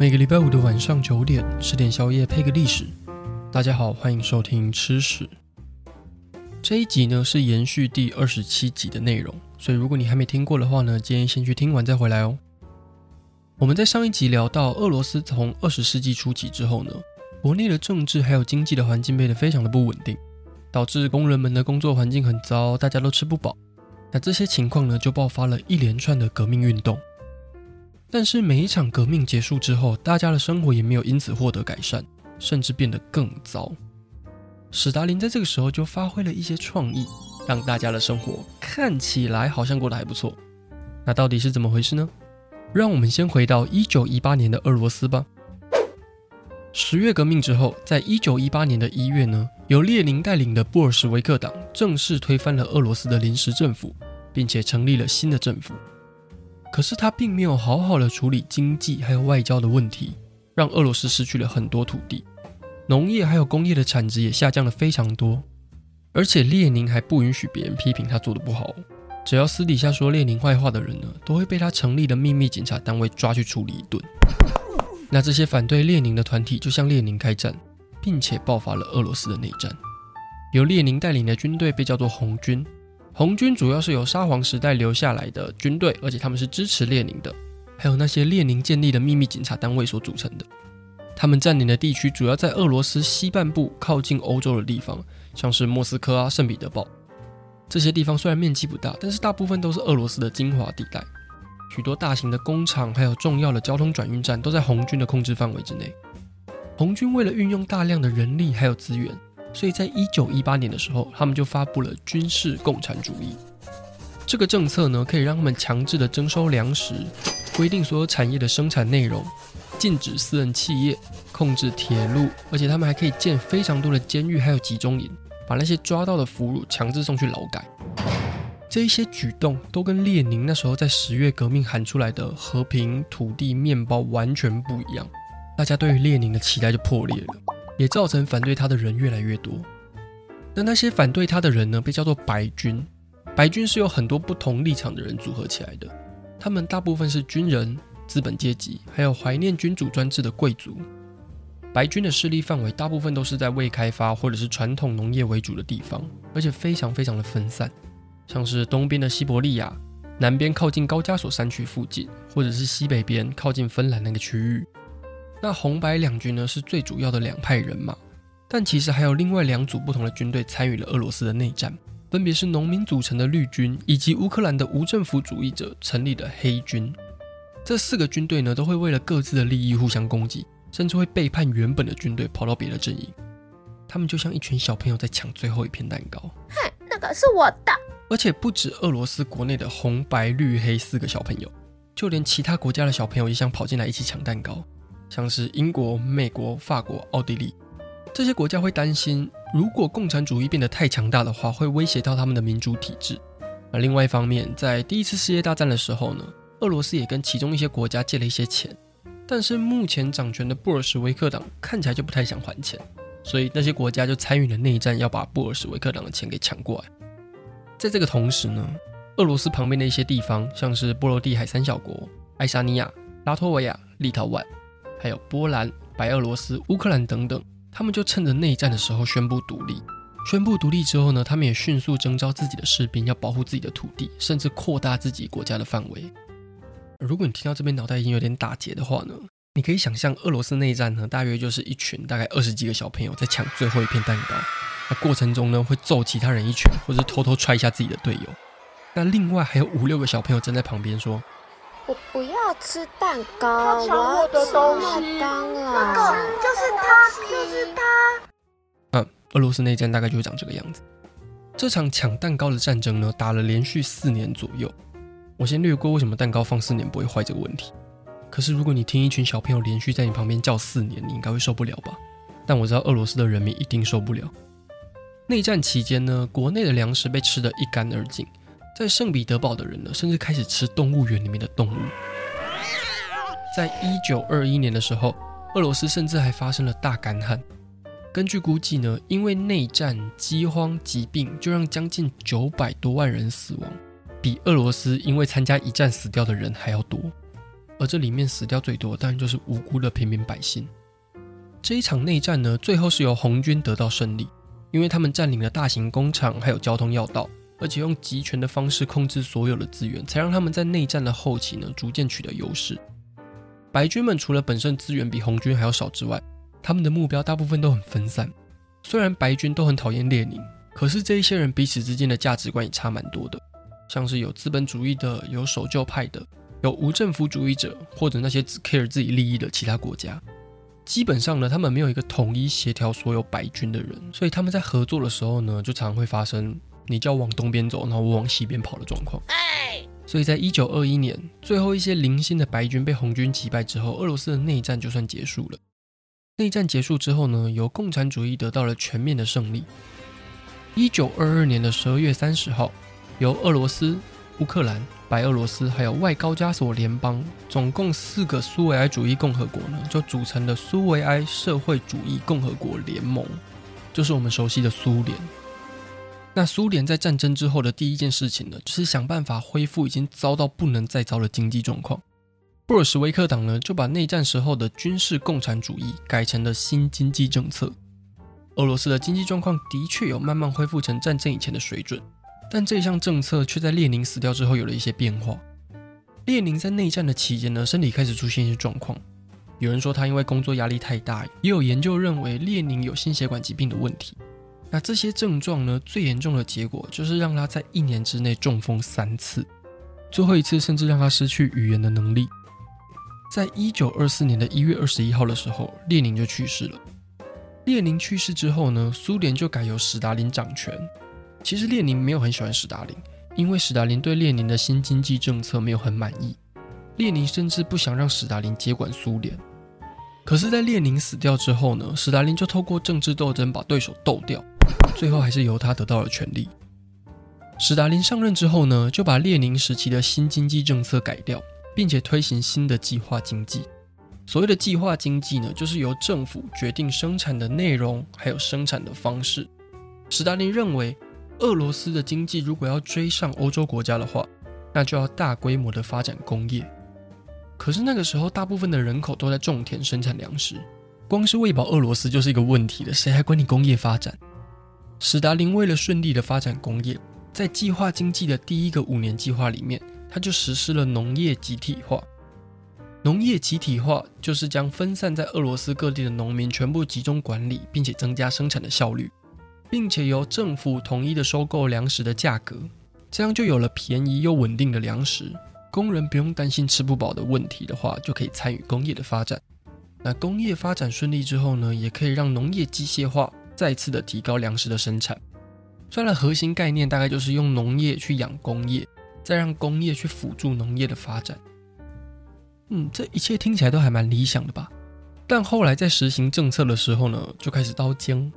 每個禮拜五的晚上九點，吃點宵夜配個歷史。大家好，歡迎收聽《吃史》。這一集呢是延續第二十七集的內容，所以如果你還沒聽過的話呢，建議先去聽完再回來哦。我們在上一集聊到，俄羅斯從二十世紀初期之後呢，國內的政治還有經濟的環境變得非常的不穩定，導致工人們的工作環境很糟，大家都吃不飽。那這些情況呢，就爆發了一連串的革命運動。但是每一場革命結束之後，大家的生活也沒有因此獲得改善，甚至變得更糟。史達林在這個時候就發揮了一些創意，讓大家的生活看起來好像過得還不錯。那到底是怎麼回事呢？讓我們先回到一九一八年的俄羅斯吧。十月革命之後，在一九一八年的一月呢，由列寧帶領的布爾什維克黨正式推翻了俄羅斯的臨時政府，並且成立了新的政府。可是他並沒有好好的處理經濟還有外交的問題，讓俄羅斯失去了很多土地，農業還有工業的產值也下降了非常多。而且列寧還不允許別人批評他做得不好，只要私底下說列寧壞話的人呢、啊，都會被他成立的秘密警察單位抓去處理一頓。那這些反對列寧的團體就向列寧開戰，並且爆發了俄羅斯的內戰，由列寧帶領的軍隊被叫做紅軍。紅軍主要是由沙皇時代留下來的軍隊，而且他們是支持列寧的，還有那些列寧建立的秘密警察單位所組成的。他們佔領的地區主要在俄羅斯西半部靠近歐洲的地方，像是莫斯科啊、聖彼得堡這些地方。雖然面積不大，但是大部分都是俄羅斯的精華地帶，許多大型的工廠還有重要的交通轉運站都在紅軍的控制範圍之內。紅軍為了運用大量的人力還有資源。所以在一九一八年的時候，他們就發布了軍事共產主義這個政策呢，可以讓他們強制的徵收糧食，規定所有產業的生產內容，禁止私人企業，控制鐵路，而且他們還可以建非常多的監獄還有集中營，把那些抓到的俘虜強制送去勞改。這一些舉動都跟列寧那時候在十月革命喊出來的和平、土地、麵包完全不一樣，大家對於列寧的期待就破裂了。也造成反對他的人越來越多。那那些反對他的人呢，被叫做白軍。白軍是由很多不同立場的人組合起來的。他們大部分是軍人、資本階級，還有懷念君主專制的貴族。白軍的勢力範圍大部分都是在未開發或者是傳統農業為主的地方，而且非常非常的分散。像是東邊的西伯利亞，南邊靠近高加索山區附近，或者是西北邊靠近芬蘭那個區域。那紅白兩軍呢，是最主要的兩派人馬，但其實還有另外兩組不同的軍隊參與了俄羅斯的內戰，分別是農民組成的綠軍以及烏克蘭的無政府主義者成立的黑軍。這四個軍隊呢都會為了各自的利益互相攻擊，甚至會背叛原本的軍隊跑到別的陣營。他們就像一群小朋友在搶最後一片蛋糕，哼，那個是我的。而且不止俄羅斯國內的紅白綠黑四個小朋友，就連其他國家的小朋友也想跑進來一起搶蛋糕。像是英國、美國、法國、奧地利這些國家會擔心，如果共產主義變得太強大的話，會威脅到他們的民主體制。而另外一方面，在第一次世界大戰的時候呢，俄羅斯也跟其中一些國家借了一些錢，但是目前掌權的布爾什維克黨看起來就不太想還錢，所以那些國家就參與了內戰，要把布爾什維克黨的錢給搶過來。在這個同時呢，俄羅斯旁邊的一些地方，像是波羅的海三小國——愛沙尼亞、拉脫維亞、立陶宛。還有波蘭、白俄羅斯、烏克蘭等等，他們就趁着內戰的時候宣佈獨立。宣佈獨立之後呢，他們也迅速徵召自己的士兵，要保護自己的土地，甚至擴大自己國家的範圍。而如果你聽到這邊腦袋已經有點打結的話呢，你可以想象俄羅斯內戰呢，大約就是一群大概二十幾個小朋友在搶最後一片蛋糕，那過程中呢會揍其他人一拳，或者偷偷踹一下自己的隊友。那另外還有五六個小朋友站在旁邊說。我不要吃蛋糕，他搶我的東西。那個就是他，就是他。嗯，俄羅斯內戰大概就是長這個樣子。這場搶蛋糕的戰爭呢，打了連續四年左右。我先略過為什麼蛋糕放四年不會壞這個問題。可是如果你聽一群小朋友連續在你旁邊叫四年，你應該會受不了吧？但我知道俄羅斯的人民一定受不了。內戰期間呢，國內的糧食被吃得一乾二淨。在聖彼得堡的人呢，甚至開始吃動物園裡面的動物。在一九二一年的時候，俄羅斯甚至還發生了大乾旱。根據估計呢，因為內戰、飢荒、疾病，就讓將近九百多萬人死亡，比俄羅斯因為參加一戰死掉的人還要多。而這裡面死掉最多，當然就是無辜的平民百姓。這一場內戰呢，最後是由紅軍得到勝利，因為他們佔領了大型工廠，還有交通要道。而且用集權的方式控制所有的資源，才讓他們在內戰的後期呢，逐漸取得優勢。白軍們除了本身資源比紅軍還要少之外，他們的目標大部分都很分散。雖然白軍都很討厭列寧，可是這一些人彼此之間的價值觀也差蠻多的，像是有資本主義的、有守舊派的、有無政府主義者，或者那些只 care 自己利益的其他國家。基本上呢，他們沒有一個統一協調所有白軍的人，所以他們在合作的時候呢，就常常會發生。你就要往東邊走，然後我往西邊跑的狀況。所以在一九二一年，最後一些零星的白軍被紅軍擊敗之後，俄羅斯的內戰就算結束了。內戰結束之後呢，由共產主義得到了全面的勝利。一九二二年的十二月三十號，由俄羅斯、烏克蘭、白俄羅斯還有外高加索聯邦，總共四個蘇維埃主義共和國呢，就組成了蘇維埃社會主義共和國聯盟，就是我們熟悉的蘇聯。那蘇聯在戰爭之後的第一件事情呢，就是想辦法恢復已經糟到不能再糟的經濟狀況。布爾什維克黨呢，就把內戰時候的軍事共產主義改成了新經濟政策。俄羅斯的經濟狀況的確有慢慢恢復成戰爭以前的水準，但這項政策卻在列寧死掉之後有了一些變化。列寧在內戰的期間呢，身體開始出現一些狀況。有人說他因為工作壓力太大，也有研究認為列寧有心血管疾病的問題。那這些症狀呢，最嚴重的結果就是讓他在一年之內中風三次，最後一次甚至讓他失去語言的能力。在一九二四年的一月二十一號的時候，列寧就去世了。列寧去世之後呢，蘇聯就改由史達林掌權。其實列寧沒有很喜歡史達林，因為史達林對列寧的新經濟政策沒有很滿意。列寧甚至不想讓史達林接管蘇聯。可是，在列寧死掉之後呢，史達林就透過政治鬥爭把對手鬥掉。最後還是由他得到了權力。史達林上任之後呢，就把列寧時期的新經濟政策改掉，並且推行新的計劃經濟。所謂的計劃經濟呢，就是由政府決定生產的內容還有生產的方式。史達林認為，俄羅斯的經濟如果要追上歐洲國家的話，那就要大規模的發展工業。可是那個時候，大部分的人口都在種田生產糧食，光是餵飽俄羅斯就是一個問題了，誰還管你工業發展？史達林為了順利的發展工業，在計劃經濟的第一個五年計劃裡面，他就實施了農業集體化。農業集體化就是將分散在俄羅斯各地的農民全部集中管理，並且增加生產的效率，並且由政府統一的收購糧食的價格，這樣就有了便宜又穩定的糧食。工人不用擔心吃不飽的問題的話，就可以參與工業的發展。那工業發展順利之後呢，也可以讓農業機械化。再次的提高糧食的生產，它的核心概念大概就是用農業去養工業，再讓工業去輔助農業的發展。嗯，這一切聽起來都還蠻理想的吧？但後來在實行政策的時候呢，就開始刀僵。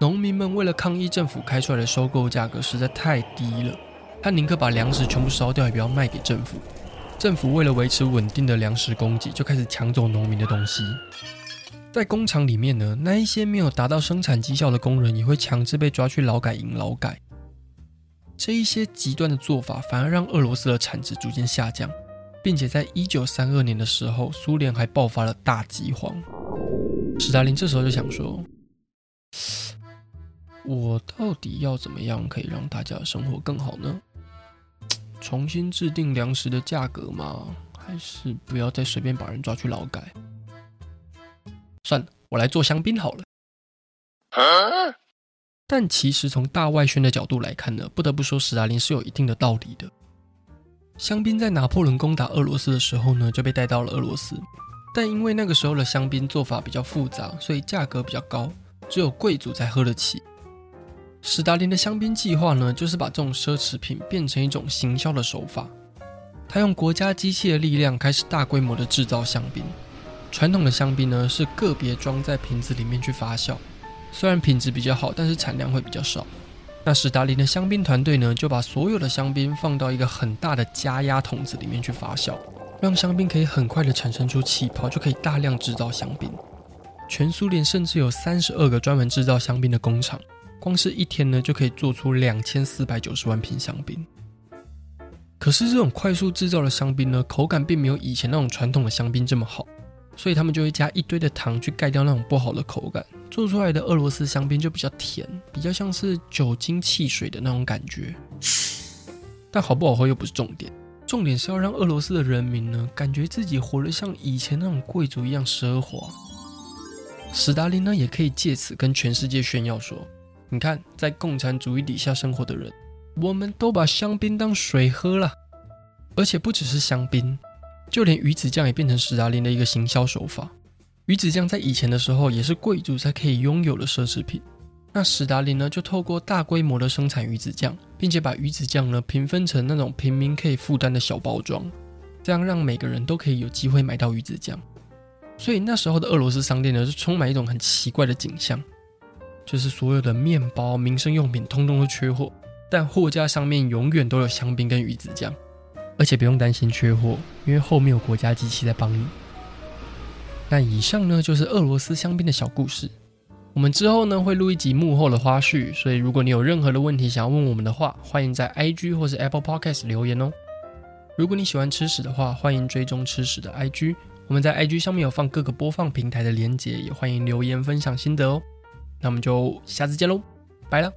農民們為了抗議政府開出來的收購價格實在太低了，他寧可把糧食全部燒掉，也不要賣給政府。政府為了維持穩定的糧食供給，就開始搶走農民的東西。在工廠裡面呢，那一些沒有達到生產績效的工人也會強制被抓去勞改營勞改。這一些極端的做法反而讓俄羅斯的產值逐漸下降，並且在一九三二年的時候，蘇聯還爆發了大饑荒。史達林這時候就想說，我到底要怎麼樣可以讓大家的生活更好呢？重新制定糧食的價格嗎？還是不要再隨便把人抓去勞改？算了，我來做香檳好了。但其實從大外宣的角度來看呢，不得不說，史達林是有一定的道理的。香檳在拿破崙攻打俄羅斯的時候呢，就被帶到了俄羅斯，但因為那個時候的香檳做法比較複雜，所以價格比較高，只有貴族才喝得起。史達林的香檳計劃呢，就是把這種奢侈品變成一種行銷的手法，他用國家機器的力量開始大規模的製造香檳。傳統的香檳呢，是個別裝在瓶子裡面去發酵，雖然品質比較好，但是產量會比較少。那史達林的香檳團隊呢，就把所有的香檳放到一個很大的加壓桶子裡面去發酵，讓香檳可以很快的產生出氣泡，就可以大量制造香檳。全蘇聯甚至有三十二個專門制造香檳的工廠，光是一天呢就可以做出兩千四百九十萬瓶香檳。可是這種快速制造的香檳呢，口感並沒有以前那種傳統的香檳這麼好。所以他們就會加一堆的糖去蓋掉那種不好的口感，做出來的俄羅斯香檳就比較甜，比較像是酒精汽水的那種感覺。但好不好喝又不是重點，重點是要讓俄羅斯的人民呢，感覺自己活得像以前那種貴族一樣奢華。史達林呢，也可以借此跟全世界炫耀說：你看，在共產主義底下生活的人，我們都把香檳當水喝了，而且不只是香檳。就連魚子醬也變成史達林的一個行銷手法。魚子醬在以前的時候也是貴族才可以擁有的奢侈品。那史達林呢，就透過大規模的生產魚子醬，並且把魚子醬呢，平分成那種平民可以負擔的小包裝，這樣讓每個人都可以有機會買到魚子醬。所以那時候的俄羅斯商店呢，是充滿一種很奇怪的景象，就是所有的麵包、民生用品通通都缺貨，但貨架上面永遠都有香檳跟魚子醬。而且不用擔心缺貨，因為後面有國家機器在幫你。那以上呢就是俄羅斯香檳的小故事。我們之後呢會錄一集幕後的花絮，所以如果你有任何的問題想要問我們的話，歡迎在 IG 或是 Apple Podcast 留言哦。如果你喜歡吃史的話，歡迎追蹤吃史的 IG。我們在 IG 上面有放各個播放平台的連接，也歡迎留言分享心得哦。那我們就下次見嘍，拜了。